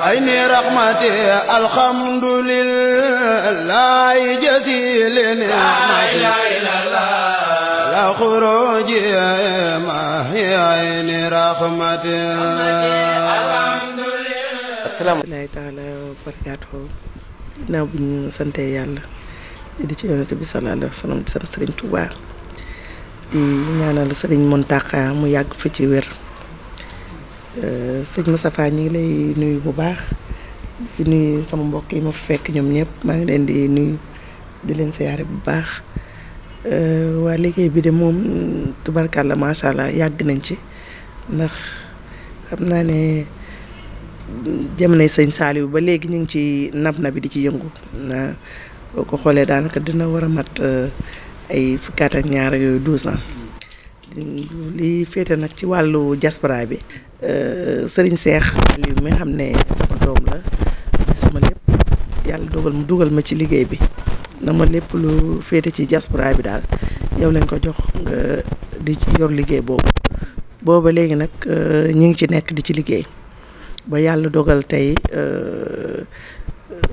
أين رحمتي الحمد لله جزيل نعمتي لا خروج ما هي أين رحمتي السلام الله تعالى وبركاته نعم بن سنتي di ci yonati montaka mu yag Euh, sëñ Moustapha ñi ngi lay nuyu bu baax fi nuyu sama mbokk yi ma fekk ñoom ñëpp maa ngi leen di nuyu di leen siyaare bu baax euh, waa liggéey bi de moom tubarkàlla macha allah yàgg nañ ci ndax xam naa ne jamonoy sëñ Saliou ba léegi ñu ngi ci nab na bi di ci yëngu na boo ko xoolee daanaka dina war a mat euh, ay fukkaat ak ñaar yooyu li féete nag ci wàllu diaspora bi sëriñ euh, Seex Aliou mi xam ne sama doom la sama lépp yàlla dogal mu dugal ma ci liggéey bi na ma lépp lu féete ci diaspora bi daal yow lañ ko jox nga di ci yor liggéey boobu booba léegi nag euh, ñu ngi ci nekk di ci liggéey ba yàlla dogal tey euh,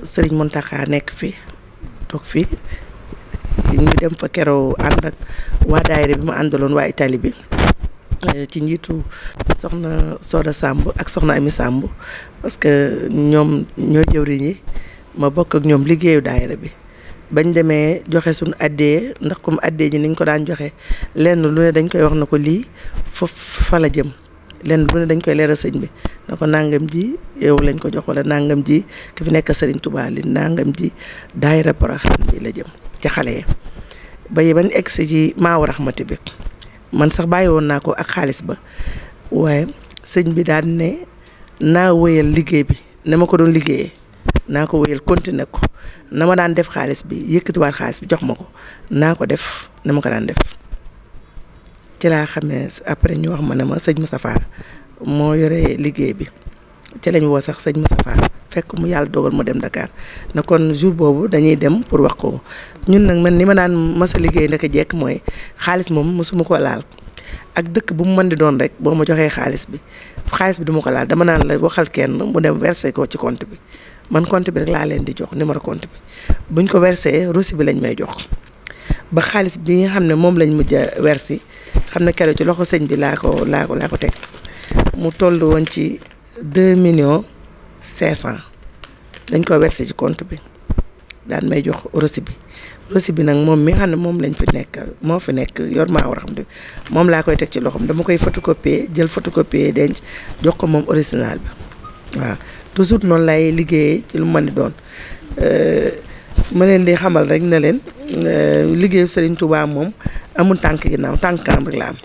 sëriñ Mountakha nekk fi toog fii ñu dem fa keroo ànd ak waa daayira bi ma àndaloon waa Italie bi euh, ci njiitu soxna Soda Samb ak soxna Ami Samb parce que ñoom ñoo jëwriñ yi ma bokk ak ñoom liggéeyu daayira bi bañ demee joxe suñu addee ndax comme addee ji niñ ko daan joxe lenn lu ne dañ koy wax na ko lii foofu fa la jëm lenn dañ koy leeral sëñ bi na ko nangam ji yow lañ ko jox wala nangam ji ki fi nekk sëriñ Touba li nangam ji daayira Porokhane bi la jëm ci xale yi ba ban egsi ji maaw raxmati bi man sax bàyyi woon naa ko ak xaalis ba waaye sëñ bi daan ne naa wéyal liggéey bi na ma ko doon liggéeyee naa ko wéyal continuer ko na ma daan def xaalis bi yëkkatiwaat xaalis bi jox ma ko naa ko def na ma ko daan def ci laa xamee après ñu wax ma ne ma sëñ Moustapha moo yore liggéey bi ci lañ woo sax sëñ Moustapha fekk mu yàlla dogal mu dem Dakar na kon jour boobu dañuy dem pour wax ko ñun nag man ni ma naan masa liggéey ndaka jekk mooy xaalis moom mosuma ko laal ak dëkk bu mu mën di doon rek boo ma joxee xaalis bi xaalis bi duma ko laal dama naan la waxal kenn mu dem versé ko ci compte bi man compte bi rek laa leen di jox numéro compte bi buñ ko versé reçu bi lañ may jox ba xaalis bi nga xam ne moom lañ mujj a versé xam ne keroog ci loxo sëñ bi laa ko laa ko laa ko teg mu toll woon ci deux millions cinq cent dañ ko versé ci compte bi daan may jox reçu bi reçu bi nag moom mi xam ne moom lañ fi nekkal moo fi nekk yor maa war xam ne moom laa koy teg ci loxoom dama koy photocopier jël photocopier denc jox ko moom original bi waaw toujours noonu lay liggéeyee ci lu mën ni doon ma leen di xamal rek ne leen liggéeyu Serigne Touba moom amul tànk ginnaaw tànk kanam rek la am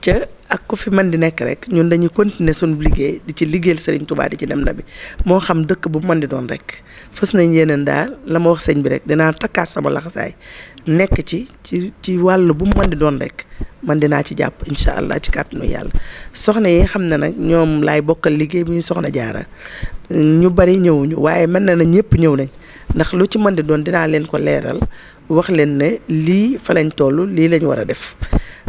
ca ak ku fi man di nekk rek ñun dañuy continuer suñu liggéey di ci liggéeyal Serigne Touba di ci dem na bi moo xam dëkk bu man di doon rek fës nañ yeneen daal lama wax sëñ bi rek dinaa takkaat sama laxasaay nekk ci ci ci wàll bu man di doon rek man dinaa ci jàpp incha allah ci kàttanu yàlla soxna yi xam ne nag ñoom laay bokkal liggéey bi ñu soxna jaara ñu bari ñëwuñu waaye mën na na ñëpp ñëw nañ ndax lu ci mën di doon dinaa leen ko leeral wax leen ne lii fa lañ toll lii lañ war a def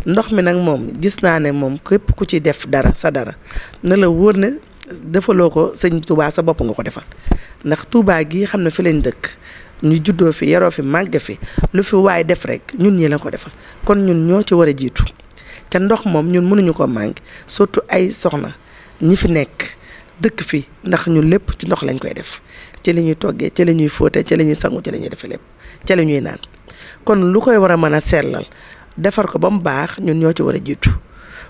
ndox mi nag moom gis naa ne moom képp ku ci def dara sa dara na la wóor ne defaloo ko sëñ Touba sa bopp nga ko defal ndax Touba gii xam ne fi lañ dëkk ñu juddoo fi yaroo fi màgg fi lu fi waay def rek ñun ñi la ko defal kon ñun ñoo ci war a jiitu ca ndox moom ñun mënuñu ko manqué surtout ay soxna ñi fi nekk dëkk fi ndax ñun lépp ci ndox lañ koy def ci li ñuy toggee ci li ñuy fóote ci li ñuy sangu ci li defee lépp ci li ñuy naan kon lu koy war a mën a sellal defar ko ba mu baax ñun ñoo ci war a jiitu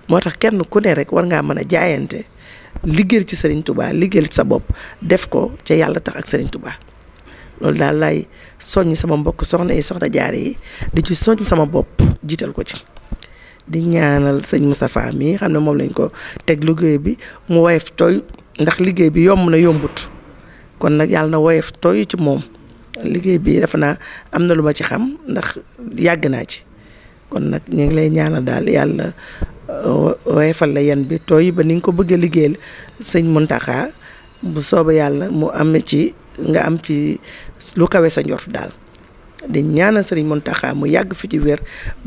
moo tax kenn ku ne rek war ngaa mën a jaayante liggéey ci Serigne tubaa liggéeyal sa bopp def ko ca yàlla tax ak Serigne tubaa loolu daal lay soññ sama mbokk soxna yi soxna jaare yi di ci soññ sama bopp jiital ko ci. di ñaanal sëñ Moustapha mi xam ne moom lañ ko teg liggéey bi mu woyof tooy ndax liggéey bi yomb na yombut kon nag yàlla na woyof tooy ci moom liggéey bi defe naa am na lu ma ci xam ndax yàgg naa ci. kon nag ñu ngi lay ñaanal daal yàlla uh, woyefal la yan bi tooy ba ni nga ko bëgg a liggéeyal sëñ Muntaxa bu sooba yàlla mu am ci nga am ci lu kawe sa njort daal di ñaanal sëriñ Muntaxa mu yàgg fi ci wér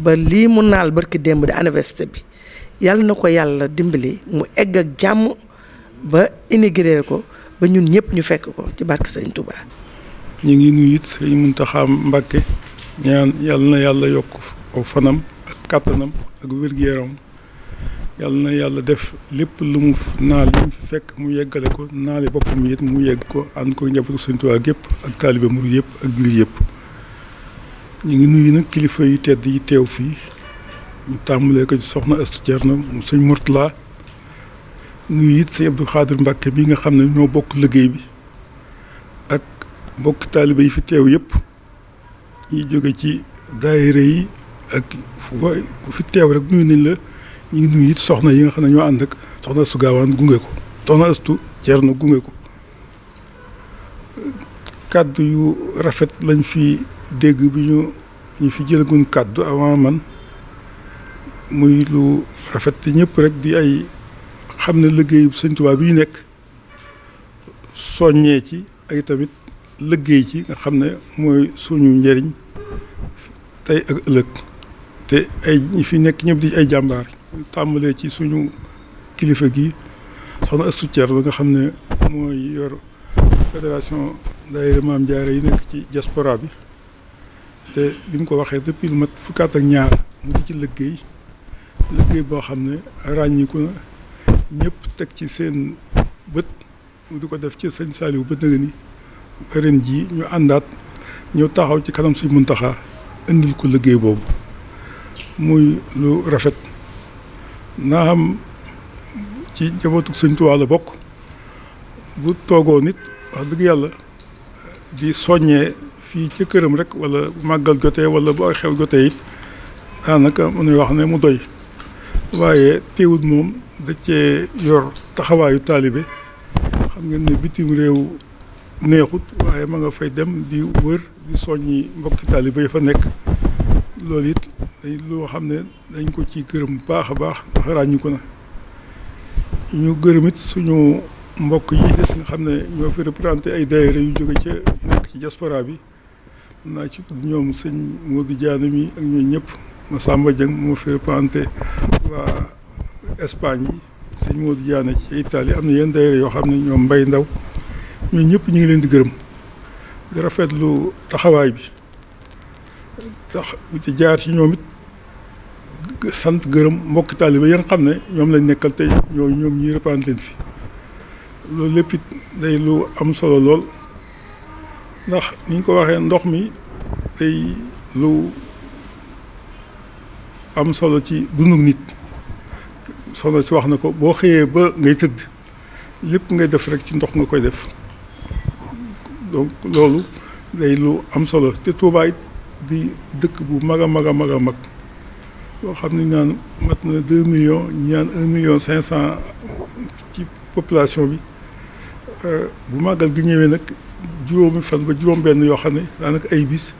ba lii mu naal barki démb di université bi yàlla na ko yàlla dimbali mu egg ak jàmm ba intégré ko ba ñun ñëpp ñu fekk ko ci barke sëriñ Touba. ñu ngi nuyu it sëriñ Muntaxa yàlla yàlla yokk. aw fanam ak kàttanam ak wér yaram yàlla na yàlla def lépp lu mu naal li mu fi fekk mu yeggale ko naale boppam it mu yegg ko ànd ko njabootu Sëñ Tuubaa yëpp ak taalibe murid yëpp ak jullit yëpp ñu ngi nuyu nag kilifa yu tedd yi teew fii mu tàmbalee ko soxna Astu na mu sëñ Murtala nuyu it sëñ Abdou Xaadir Mbàkke bi nga xam ne ñoo bokk liggéey bi ak mbokk taalibe yi fi teew yëpp yi jóge ci daayira yi ak fi teew rek nuyu nañ la ñu ngi nuyu it soxna yi nga xam ne ñoo ànd ak soxna Astu Gaawaan gunge ko soxna jeer Ceerno gunge ko kàddu yu rafet lañ fi dégg bi ñu ñu fi jëlagun kàddu avant man muy lu rafet bi ñëpp rek di ay xam ne liggéey Sëñ Tuubaa bi ñu nekk soññee ci ay tamit liggéey ci nga xam ne mooy suñu njëriñ tey ak ëllëg te ay ñi fi nekk ñëpp di ay jàmbaar tàmbalee ci suñu kilifa gi soxna Astou Thierno ba nga xam ne mooy yor fédération daayira Maam Jaara yi nekk ci diaspora bi te li mu ko waxee depuis lu mat fukki ak ñaar mu di ci liggéey liggéey boo xam ne ràññiku na ñëpp teg ci seen bët mu di ko def ci sëñ Saliou ba nëgë ni ba ñu àndaat ñëw taxaw ci kanam mun taxa indil ko liggéey boobu muy lu rafet na xam ci njabootu Sëñ Tuubaa la bokk bu toogoo nit wax dëgg yàlla di soññee fii ci këram rek wala bu màggal jote wala bu ay xew jotee it daanaka mënuy wax ne mu doy waaye teewut moom da cee yor taxawaayu taalibe xam ngeen ne bitim réew neexut waaye ma nga fay dem di wër di soññi mbokki taalibe yi fa nekk loolu it day loo xam ne dañ ko ci gërëm baax a baax ndax ràññu ko na ñu gërëmit it suñu mbokk yi des nga xam ne ñoo fi représenté ay daayira yu jóge ca nekk ci diaspora bi naa ci ñoom sëñ Modou Diané mi ak ñooñu ñëpp Massamba Dieng moo fi représenté sëñ Modou Diané ci Italie am na yenn daayira yoo xam ne ñoo mbay ndaw ñooñu ñëpp ñu ngi leen di gërëm di lu taxawaay bi tax ci jaar ci ñoom it sant gërëm mbokk taaliba yi xam ne ñoom lañ nekkal tey ñooñu ñoom ñuy représenté fi loolu lépp it day lu am solo lool ndax ni ko waxee ndox mi day lu am solo ci dundu nit soxna si wax na ko boo xëyee ba ngay tëdd lépp ngay def rek ci ndox nga koy def donc loolu day lu am solo te tuubaay it di dëkk bu mag a mag a mag a mag koo xam ne naan mat na deux million ñaan naan un million cinq cent ci population bi euh, bu màggal gi ñëwee nag juróomi fan ba juróom-benn yoo xam ne daanaka ay bis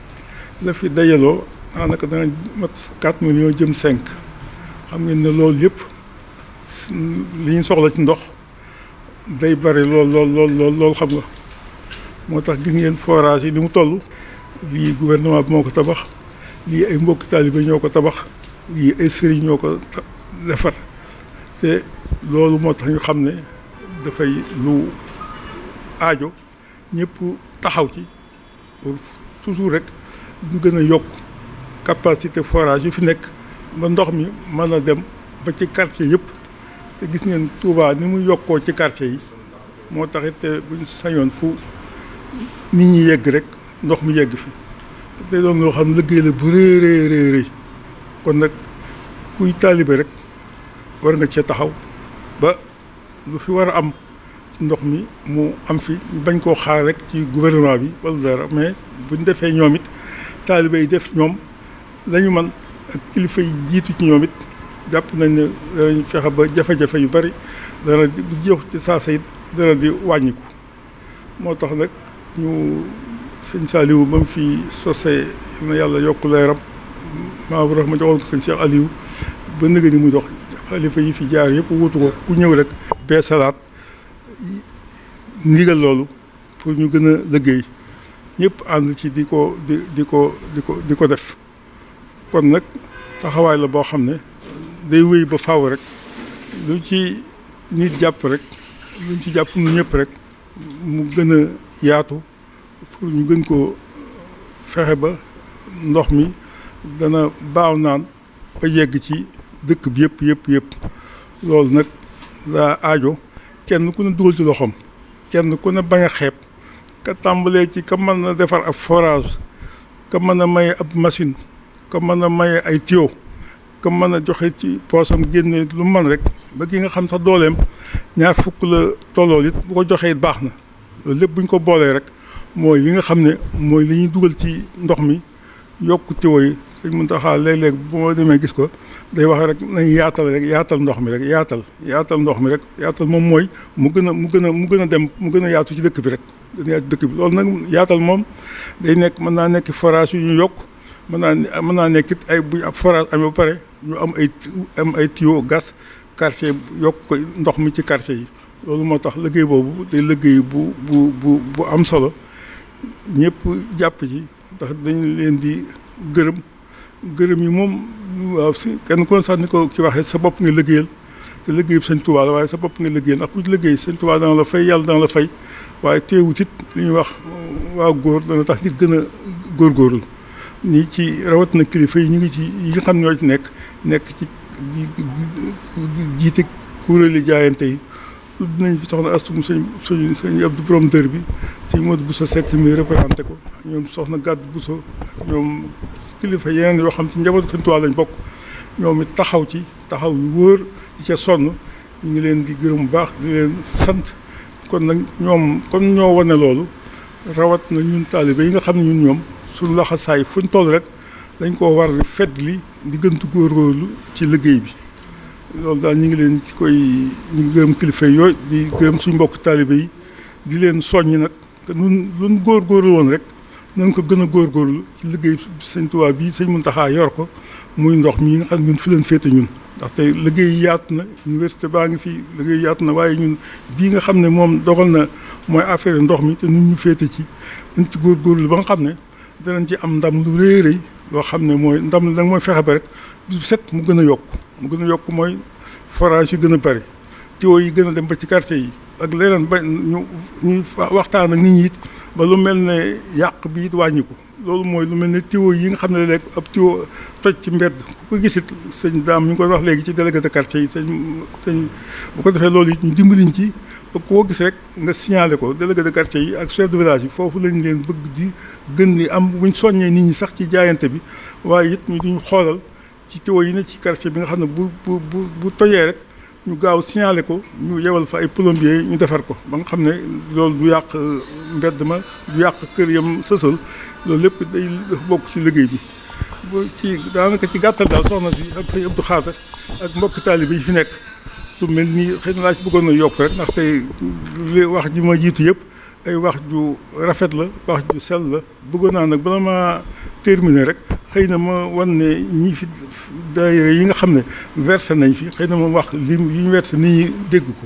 la fi dajaloo daanaka dana mat quatre millions jëm cinq xam ngeen ne loolu yëpp li ñu soxla ci ndox day bari lool lool lool lool xam nga moo tax gis ngeen forage yi li mu toll lii gouvernement bi moo ko tabax lii ay mbokki taalibe ñoo ko tabax yi ay sëriñ ñoo ko defar te loolu moo tax ñu xam ne dafay lu aajo ñëpp taxaw ci toujours rek ñu gën a yokk capacité forage yu fi nekk ba ndox mi mën a dem ba ci quartier yëpp te gis ngeen Touba ni mu yokkoo ci quartier yi moo tax it buñ sañoon fu nit ñi yegg rek ndox mi yegg fi te doon loo xam liggéey la bu rëy rëy kon nag kuy taalibe rek war nga cee taxaw ba lu fi war a am ndox mi mu am fi bañ koo xaar rek ci gouvernement bi wala dara mais buñ defee ñoom it taalibe yi def ñoom lañu man ak kilifa yi jiitu ci ñoom it jàpp nañ ne danañ fexe ba jafe-jafe yu bari dana di bu jeexu ci saa sayit dana di wàññiku moo tax nag ñu sëñ Saliou ba mu fi sosee na yàlla yokk leeram maa bu rax ma joxoon ko sëñ Cheikh Aliou ba nëgë ni muy dox xalifa yi fi jaar yëpp wutu ko ku ñëw rek bee salaat ndigal loolu pour ñu gën a liggéey ñëpp ànd ci di ko di di ko di ko di ko def kon nag taxawaay la boo xam ne day wéy ba faw rek lu ci nit jàpp rek luñ ci jàpp nu ñëpp rek mu gën a yaatu pour ñu gën ko fexe ba ndox mi dana baaw naan ba yegg ci dëkk bi yëpp yëpp yëpp loolu nag daa aajo kenn ku ne dugal ci loxoom kenn ku ne bañ a xeeb ka tàmbalee ci ka mën a defar ab forage ka mën a maye ab machine ka mën a maye ay tuyau ka mën a joxe ci poosam génne lu man rek ba ki nga xam sax dooleem ñaar fukk la tollool it bu ko joxee baax na loolu lépp buñ ko boolee rek mooy li nga xam ne mooy li ñuy dugal ci ndox mi yokk tuyau yi sëñ Muntaxa léeg-léeg bu ma demee gis ko day wax rek nañ yaatal rek yaatal ndox mi rek yaatal yaatal ndox mi rek yaatal moom mooy mu gën a mu gën a mu gën a dem mu gën a yaatu ci dëkk bi rek gën a yaatu dëkk bi loolu nag yaatal moom day nekk mën naa nekk forage yu ñu yokk mën naa mën naa nekk ay bu ab forage amee ba pare ñu am ay am ay tuyau gas quartier yokk ko ndox mi ci quartier yi loolu moo tax liggéey boobu day liggéey bu bu bu bu am solo ñëpp jàpp ci ndax dañ leen di gërëm gërëm yi moom waaw si kenn ku ne ni ko ci waxee sa bopp nga liggéeyal te liggéey bi sëñ Tuubaa waaye sa bopp nga liggéeyal ak ku ci liggéey sëñ Tuubaa dana la fay yàlla dana la fay waaye teewut it lu ñuy wax waa góor dana tax nit gën a góorgóorlu ni ci rawatina kilifa yi ñu ngi ci yi nga xam ñoo ci nekk nekk ci jiite kuréeli jaayante yi tudd nañ fi soxna astum sëñ sëñ sëñ Abdou Borom Dër bi sëñ Modou Bousso Seck mi représenté ko ñoom soxna gàddu Bousso ak kilifa yeneen yoo xam ci njabootu Sëriñ Tuubaa lañ bokk ñoom taxaw ci taxaw yu wóor di ca sonn ñu ngi leen di gërëm bu baax di leen sant kon nag ñoom kon ñoo wane loolu rawat na ñun taalibe yi nga xam ne ñun ñoom suñu laxasaay fuñ toll rek dañ koo war fet li di góor góorgóorlu ci liggéey bi loolu daal ñu ngi leen ci koy ñu ngi gërëm kilifa yooyu di gërëm suñu mbokk taalibe yi di leen soññ nag te nun luñ góorgóorlu woon rek nañ ko gën a góorgóorlu ci liggéey sëñ Tuubaa bii sëñ Muntaxaa yor ko muy ndox mi nga xam ñun fi leen féete ñun ndaxte liggéey yaatu na université baa ngi fi liggéey yaatu na waaye ñun bii nga xam ne moom dogal na mooy affaire ndox mi te ñun ñu féete ci nañ ci góorgóorlu ba nga xam ne danañ ci am ndam lu rëy rëy loo xam ne mooy ndam nag mooy fexe ba rek bis bu set mu gën a yokk mu gën a yokk mooy forage yi gën a bari tuyaux yi gën a dem ba ci quartier yi ak leneen ba ñu ak nit ñi ba lu mel ne yàq bi it ko loolu mooy lu mel ne tiwo yi nga xam ne léegi ab tiwo toj ci mbedd ku ko gisit sëñ daam ñu ngi koy wax léegi ci délégué de quartier yi sëñ sëñ bu ko defee loolu it ñu dimbaliñ ci ba koo gis rek nga signalé ko délégué de quartier yi ak chef de village yi foofu lañ leen bëgg di gën ni am buñ soññee nit ñi sax ci jaayante bi waaye it ñu duñu xoolal ci tiwo yi ne ci quartier bi nga xam ne bu bu bu bu tojee rek ñu gaaw signalé ko yewal fa ay plombier ñu defar ko ba xam ne loolu du yàq mbedd ma du yàq kër yam sësal loolu lépp day bokk ci liggéey bi ci daanaka ci gàttal daal soxna si ak say Abdou Khadre ak mbokk taalibe yi fi nekk lu mel nii xëy na laa ci bëggoon na yokk rek ndax tey li wax ji ma jiitu yëpp ay wax ju rafet la wax ju sell la bëggoon naa nag bala ma terminer rek xëy na ma wan ne ñi fi daayira yi nga xam ne versé nañ fi xëy na ma wax lim yi ñu versé nit ñi dégg ko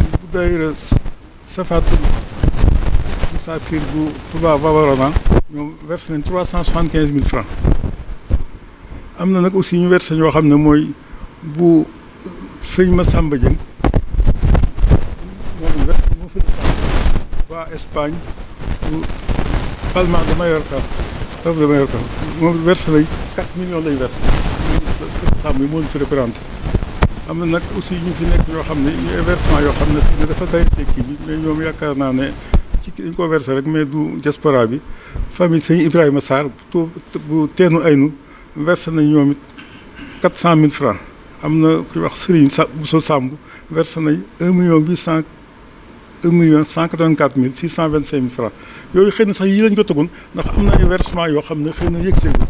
daayira Safatul Musaafir bu Touba Babaroma ñoom verse nañ trois cent soixante quinze francs am na nag aussi ñu verse ñoo xam ne mooy bu sëñ ma Samba Dieng moom verse moo nañ quatre millions lay verse sëñ Samba fi représenté am na nag aussi ñu fi nekk yoo xam ne ñu yoo xam ne dafa tay tekki bi mais ñoom yaakaar naa ne ci dañ ko versé rek mais du diaspora bi famille sëñ Ibrahima Sarr bu teenu aynu versé nañ ñoom it quatre cent mille francs am na ku wax Serigne sa Bousso Samb versé nañ un cent un million cent quatre-vingt-quatre mille six vingt-cinq mille francs yooyu xëy na sax yii lañ ko tegoon ndax am na ay yoo xam ne xëy na yëg seegul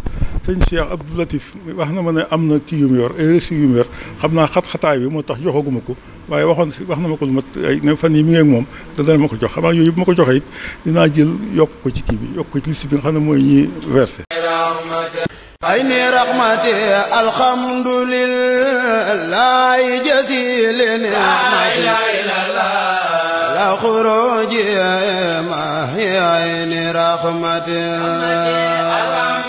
sëñ Cheikh Abdou Latif wax na ma ne am na kii yu yor ay récits yu yor xam naa xat-xataay bi moo tax joxaguma ko waaye waxoon si wax na ma ko lu mat ay ne fan yi mi ngi ak moom te ma ko jox xam yooyu bu ma ko joxee it dinaa jël yokk ko ci kii bi yokk ko ci liste bi nga xam ne mooy ñi versé ay ni raxmati alhamdulillahi jasili ni'mati la ma hiya ay ni raxmati